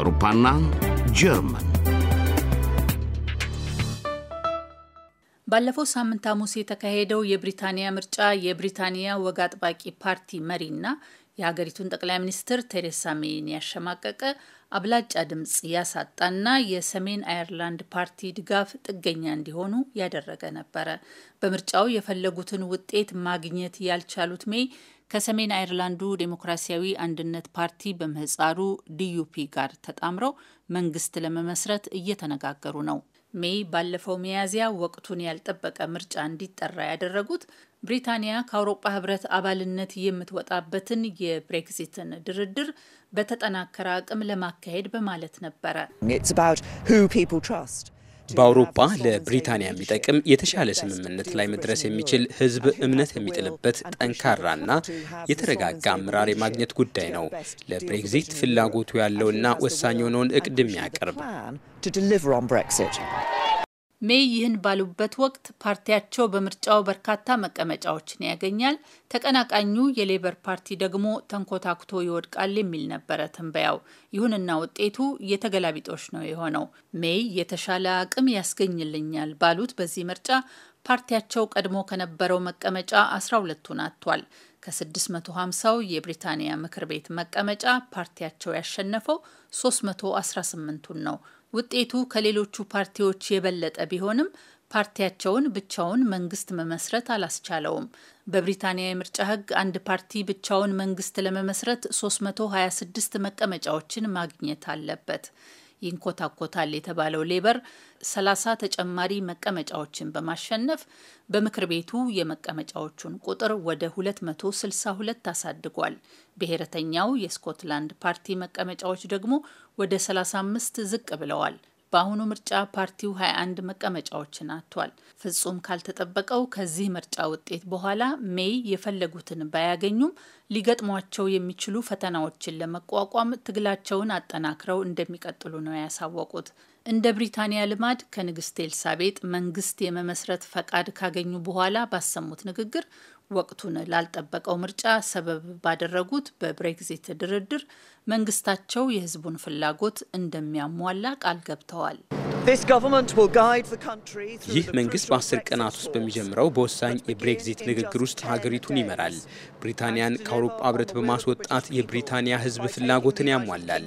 አውሮፓና ጀርመን ባለፈው ሳምንት ሐሙስ የተካሄደው የብሪታንያ ምርጫ የብሪታንያ ወግ አጥባቂ ፓርቲ መሪና የሀገሪቱን ጠቅላይ ሚኒስትር ቴሬሳ ሜይን ያሸማቀቀ አብላጫ ድምፅ ያሳጣና የሰሜን አየርላንድ ፓርቲ ድጋፍ ጥገኛ እንዲሆኑ ያደረገ ነበረ። በምርጫው የፈለጉትን ውጤት ማግኘት ያልቻሉት ሜይ ከሰሜን አይርላንዱ ዴሞክራሲያዊ አንድነት ፓርቲ በምህፃሩ ዲዩፒ ጋር ተጣምረው መንግስት ለመመስረት እየተነጋገሩ ነው። ሜይ ባለፈው ሚያዝያ ወቅቱን ያልጠበቀ ምርጫ እንዲጠራ ያደረጉት ብሪታንያ ከአውሮፓ ህብረት አባልነት የምትወጣበትን የብሬክዚትን ድርድር በተጠናከረ አቅም ለማካሄድ በማለት ነበረ። በአውሮፓ ለብሪታንያ የሚጠቅም የተሻለ ስምምነት ላይ መድረስ የሚችል ህዝብ እምነት የሚጥልበት ጠንካራና የተረጋጋ አመራር የማግኘት ጉዳይ ነው። ለብሬግዚት ፍላጎቱ ያለውና ወሳኝ የሆነውን እቅድ የሚያቀርብ ሜይ ይህን ባሉበት ወቅት ፓርቲያቸው በምርጫው በርካታ መቀመጫዎችን ያገኛል፣ ተቀናቃኙ የሌበር ፓርቲ ደግሞ ተንኮታኩቶ ይወድቃል የሚል ነበረ ትንበያው። ይሁንና ውጤቱ የተገላቢጦሽ ነው የሆነው። ሜይ የተሻለ አቅም ያስገኝልኛል ባሉት በዚህ ምርጫ ፓርቲያቸው ቀድሞ ከነበረው መቀመጫ 12ቱን አጥቷል። ከ650ው የብሪታንያ ምክር ቤት መቀመጫ ፓርቲያቸው ያሸነፈው 318ቱን ነው። ውጤቱ ከሌሎቹ ፓርቲዎች የበለጠ ቢሆንም ፓርቲያቸውን ብቻውን መንግስት መመስረት አላስቻለውም። በብሪታንያ የምርጫ ሕግ አንድ ፓርቲ ብቻውን መንግስት ለመመስረት 326 መቀመጫዎችን ማግኘት አለበት። ይንኮታኮታል የተባለው ሌበር 30 ተጨማሪ መቀመጫዎችን በማሸነፍ በምክር ቤቱ የመቀመጫዎቹን ቁጥር ወደ 262 አሳድጓል። ብሔረተኛው የስኮትላንድ ፓርቲ መቀመጫዎች ደግሞ ወደ 35 ዝቅ ብለዋል። በአሁኑ ምርጫ ፓርቲው 21 መቀመጫዎችን አጥቷል። ፍጹም ካልተጠበቀው ከዚህ ምርጫ ውጤት በኋላ ሜይ የፈለጉትን ባያገኙም ሊገጥሟቸው የሚችሉ ፈተናዎችን ለመቋቋም ትግላቸውን አጠናክረው እንደሚቀጥሉ ነው ያሳወቁት። እንደ ብሪታንያ ልማድ ከንግስት ኤልሳቤጥ መንግስት የመመስረት ፈቃድ ካገኙ በኋላ ባሰሙት ንግግር ወቅቱን ላልጠበቀው ምርጫ ሰበብ ባደረጉት በብሬግዚት ድርድር መንግስታቸው የህዝቡን ፍላጎት እንደሚያሟላ ቃል ገብተዋል። ይህ መንግስት በአስር ቀናት ውስጥ በሚጀምረው በወሳኝ የብሬግዚት ንግግር ውስጥ ሀገሪቱን ይመራል። ብሪታንያን ከአውሮፓ ህብረት በማስወጣት የብሪታንያ ህዝብ ፍላጎትን ያሟላል።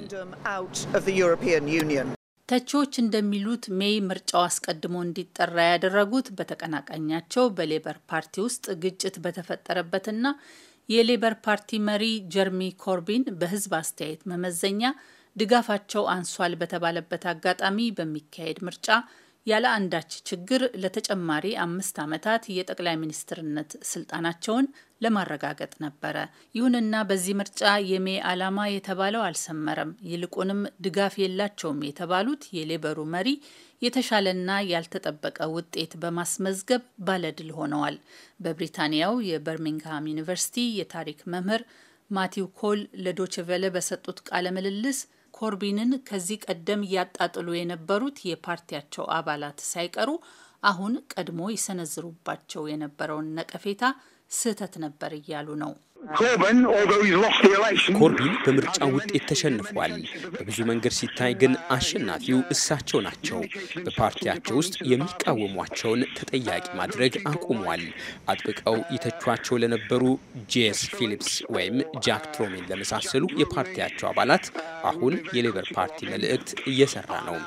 ተቺዎች እንደሚሉት ሜይ ምርጫው አስቀድሞ እንዲጠራ ያደረጉት በተቀናቃኛቸው በሌበር ፓርቲ ውስጥ ግጭት በተፈጠረበትና የሌበር ፓርቲ መሪ ጀርሚ ኮርቢን በህዝብ አስተያየት መመዘኛ ድጋፋቸው አንሷል በተባለበት አጋጣሚ በሚካሄድ ምርጫ ያለ አንዳች ችግር ለተጨማሪ አምስት ዓመታት የጠቅላይ ሚኒስትርነት ስልጣናቸውን ለማረጋገጥ ነበረ። ይሁንና በዚህ ምርጫ የሜ ዓላማ የተባለው አልሰመረም። ይልቁንም ድጋፍ የላቸውም የተባሉት የሌበሩ መሪ የተሻለና ያልተጠበቀ ውጤት በማስመዝገብ ባለድል ሆነዋል። በብሪታንያው የበርሚንግሃም ዩኒቨርሲቲ የታሪክ መምህር ማቲው ኮል ለዶችቬለ በሰጡት ቃለ ምልልስ ኮርቢንን ከዚህ ቀደም እያጣጥሉ የነበሩት የፓርቲያቸው አባላት ሳይቀሩ አሁን ቀድሞ ይሰነዝሩባቸው የነበረውን ነቀፌታ ስህተት ነበር እያሉ ነው። ኮርቢን በምርጫ ውጤት ተሸንፏል። በብዙ መንገድ ሲታይ ግን አሸናፊው እሳቸው ናቸው። በፓርቲያቸው ውስጥ የሚቃወሟቸውን ተጠያቂ ማድረግ አቁሟል። አጥብቀው ይተቿቸው ለነበሩ ጄስ ፊሊፕስ ወይም ጃክ ትሮሜን ለመሳሰሉ የፓርቲያቸው አባላት አሁን የሌበር ፓርቲ መልእክት እየሰራ ነው።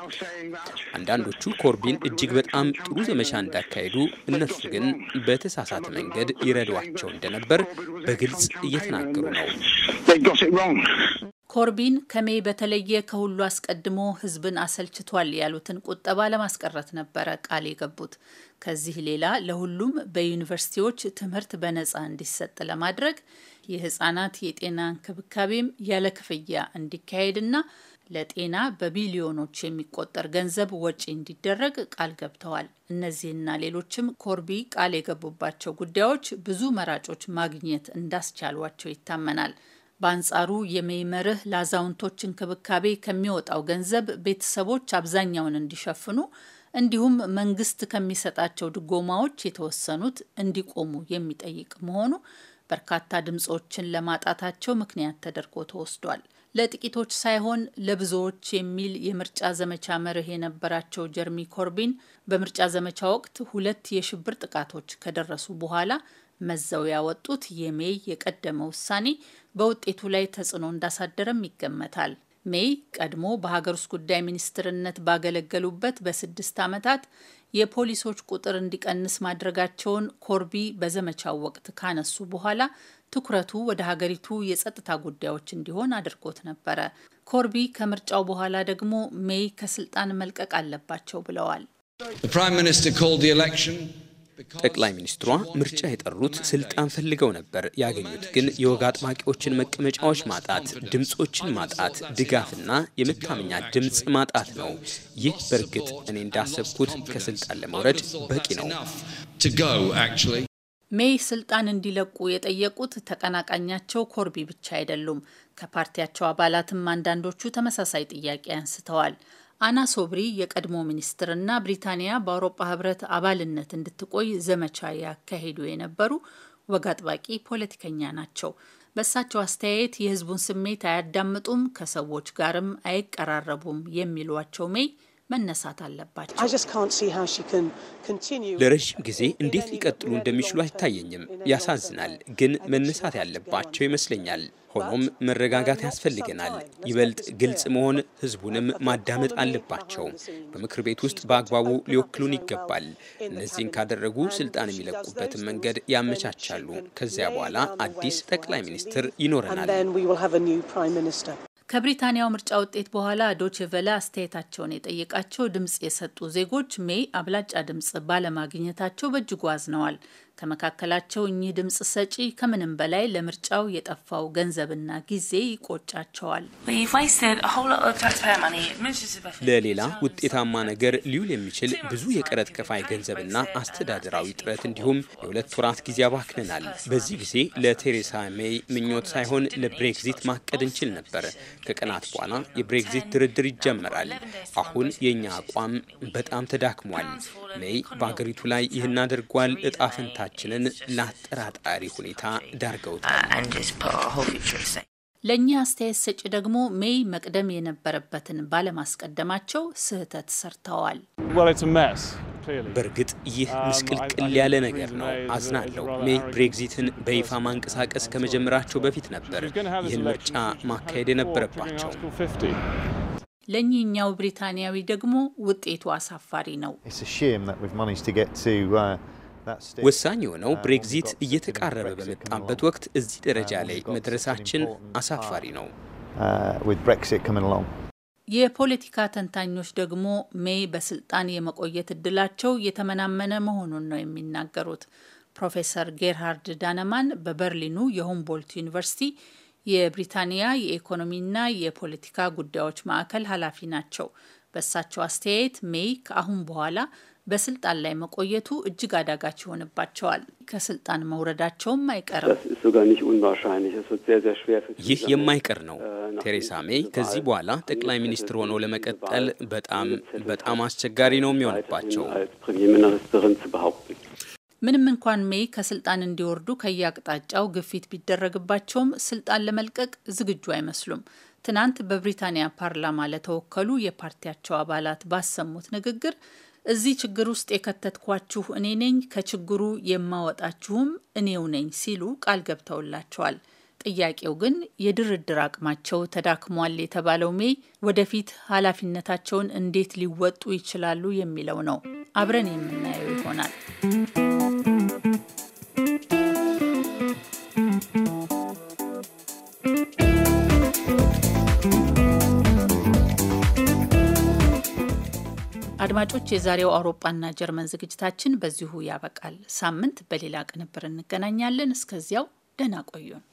አንዳንዶቹ ኮርቢን እጅግ በጣም ጥሩ ዘመቻ እንዳካሄዱ፣ እነሱ ግን በተሳሳተ መንገድ ይረዷቸው እንደነበር በግልጽ እየተናገሩ ነው። ኮርቢን ከሜይ በተለየ ከሁሉ አስቀድሞ ህዝብን አሰልችቷል ያሉትን ቁጠባ ለማስቀረት ነበረ ቃል የገቡት። ከዚህ ሌላ ለሁሉም በዩኒቨርሲቲዎች ትምህርት በነፃ እንዲሰጥ ለማድረግ የህጻናት የጤና እንክብካቤም ያለ ክፍያ እንዲካሄድና ለጤና በቢሊዮኖች የሚቆጠር ገንዘብ ወጪ እንዲደረግ ቃል ገብተዋል። እነዚህና ሌሎችም ኮርቢ ቃል የገቡባቸው ጉዳዮች ብዙ መራጮች ማግኘት እንዳስቻሏቸው ይታመናል። በአንጻሩ የሜይ መርህ ለአዛውንቶች እንክብካቤ ከሚወጣው ገንዘብ ቤተሰቦች አብዛኛውን እንዲሸፍኑ እንዲሁም መንግስት ከሚሰጣቸው ድጎማዎች የተወሰኑት እንዲቆሙ የሚጠይቅ መሆኑ በርካታ ድምጾችን ለማጣታቸው ምክንያት ተደርጎ ተወስዷል። ለጥቂቶች ሳይሆን ለብዙዎች የሚል የምርጫ ዘመቻ መርህ የነበራቸው ጀርሚ ኮርቢን በምርጫ ዘመቻ ወቅት ሁለት የሽብር ጥቃቶች ከደረሱ በኋላ መዘው ያወጡት የሜይ የቀደመ ውሳኔ በውጤቱ ላይ ተጽዕኖ እንዳሳደረም ይገመታል። ሜይ ቀድሞ በሀገር ውስጥ ጉዳይ ሚኒስትርነት ባገለገሉበት በስድስት ዓመታት የፖሊሶች ቁጥር እንዲቀንስ ማድረጋቸውን ኮርቢ በዘመቻው ወቅት ካነሱ በኋላ ትኩረቱ ወደ ሀገሪቱ የጸጥታ ጉዳዮች እንዲሆን አድርጎት ነበረ። ኮርቢ ከምርጫው በኋላ ደግሞ ሜይ ከስልጣን መልቀቅ አለባቸው ብለዋል። ጠቅላይ ሚኒስትሯ ምርጫ የጠሩት ስልጣን ፈልገው ነበር። ያገኙት ግን የወግ አጥባቂዎችን መቀመጫዎች ማጣት፣ ድምፆችን ማጣት፣ ድጋፍና የመታመኛ ድምፅ ማጣት ነው። ይህ በእርግጥ እኔ እንዳሰብኩት ከስልጣን ለመውረድ በቂ ነው። ሜይ ስልጣን እንዲለቁ የጠየቁት ተቀናቃኛቸው ኮርቢ ብቻ አይደሉም። ከፓርቲያቸው አባላትም አንዳንዶቹ ተመሳሳይ ጥያቄ አንስተዋል። አና ሶብሪ የቀድሞ ሚኒስትርና ብሪታንያ በአውሮፓ ህብረት አባልነት እንድትቆይ ዘመቻ ያካሄዱ የነበሩ ወግ አጥባቂ ፖለቲከኛ ናቸው። በእሳቸው አስተያየት የህዝቡን ስሜት አያዳምጡም፣ ከሰዎች ጋርም አይቀራረቡም የሚሏቸው ሜይ መነሳት አለባቸው። ለረዥም ጊዜ እንዴት ሊቀጥሉ እንደሚችሉ አይታየኝም። ያሳዝናል፣ ግን መነሳት ያለባቸው ይመስለኛል። ሆኖም መረጋጋት ያስፈልገናል። ይበልጥ ግልጽ መሆን፣ ህዝቡንም ማዳመጥ አለባቸው። በምክር ቤት ውስጥ በአግባቡ ሊወክሉን ይገባል። እነዚህን ካደረጉ ስልጣን የሚለቁበትን መንገድ ያመቻቻሉ። ከዚያ በኋላ አዲስ ጠቅላይ ሚኒስትር ይኖረናል። ከብሪታንያው ምርጫ ውጤት በኋላ ዶቼ ቬለ አስተያየታቸውን የጠየቃቸው ድምፅ የሰጡ ዜጎች ሜይ አብላጫ ድምፅ ባለማግኘታቸው በእጅጉ አዝነዋል። ከመካከላቸው እኚህ ድምፅ ሰጪ ከምንም በላይ ለምርጫው የጠፋው ገንዘብና ጊዜ ይቆጫቸዋል። ለሌላ ውጤታማ ነገር ሊውል የሚችል ብዙ የቀረጥ ከፋይ ገንዘብና አስተዳደራዊ ጥረት እንዲሁም የሁለት ወራት ጊዜ አባክነናል። በዚህ ጊዜ ለቴሬሳ ሜይ ምኞት ሳይሆን ለብሬግዚት ማቀድ እንችል ነበር። ከቀናት በኋላ የብሬግዚት ድርድር ይጀመራል። አሁን የእኛ አቋም በጣም ተዳክሟል። ሜይ በአገሪቱ ላይ ይህን አድርጓል። እጣ ፈንታ ሕይወታችንን ለአጠራጣሪ ሁኔታ ዳርገውታል። uh, ለእኛ አስተያየት ሰጪ ደግሞ ሜይ መቅደም የነበረበትን ባለማስቀደማቸው ስህተት ሰርተዋል። በእርግጥ ይህ um, ምስቅልቅል ያለ ነገር ነው። አዝናለሁ። ሜይ ብሬግዚትን በይፋ ማንቀሳቀስ ከመጀመራቸው በፊት ነበር ይህን ምርጫ ማካሄድ የነበረባቸው። ለእኚህኛው ብሪታንያዊ ደግሞ ውጤቱ አሳፋሪ ነው። ወሳኝ የሆነው ብሬግዚት እየተቃረበ በመጣበት ወቅት እዚህ ደረጃ um, ላይ መድረሳችን አሳፋሪ ነው። uh, የፖለቲካ ተንታኞች ደግሞ ሜይ በስልጣን የመቆየት እድላቸው የተመናመነ መሆኑን ነው የሚናገሩት። ፕሮፌሰር ጌርሃርድ ዳነማን በበርሊኑ የሁምቦልት ዩኒቨርሲቲ የብሪታንያ የኢኮኖሚና የፖለቲካ ጉዳዮች ማዕከል ኃላፊ ናቸው። በእሳቸው አስተያየት ሜይ ከአሁን በኋላ በስልጣን ላይ መቆየቱ እጅግ አዳጋች ይሆንባቸዋል። ከስልጣን መውረዳቸውም አይቀርም። ይህ የማይቀር ነው። ቴሬሳ ሜይ ከዚህ በኋላ ጠቅላይ ሚኒስትር ሆነው ለመቀጠል በጣም በጣም አስቸጋሪ ነው የሚሆንባቸው። ምንም እንኳን ሜይ ከስልጣን እንዲወርዱ ከየአቅጣጫው ግፊት ቢደረግባቸውም ስልጣን ለመልቀቅ ዝግጁ አይመስሉም። ትናንት በብሪታንያ ፓርላማ ለተወከሉ የፓርቲያቸው አባላት ባሰሙት ንግግር እዚህ ችግር ውስጥ የከተትኳችሁ እኔ ነኝ፣ ከችግሩ የማወጣችሁም እኔው ነኝ ሲሉ ቃል ገብተውላቸዋል። ጥያቄው ግን የድርድር አቅማቸው ተዳክሟል የተባለው ሜይ ወደፊት ኃላፊነታቸውን እንዴት ሊወጡ ይችላሉ የሚለው ነው። አብረን የምናየው ይሆናል። አድማጮች፣ የዛሬው አውሮፓና ጀርመን ዝግጅታችን በዚሁ ያበቃል። ሳምንት በሌላ ቅንብር እንገናኛለን። እስከዚያው ደህና ቆዩን።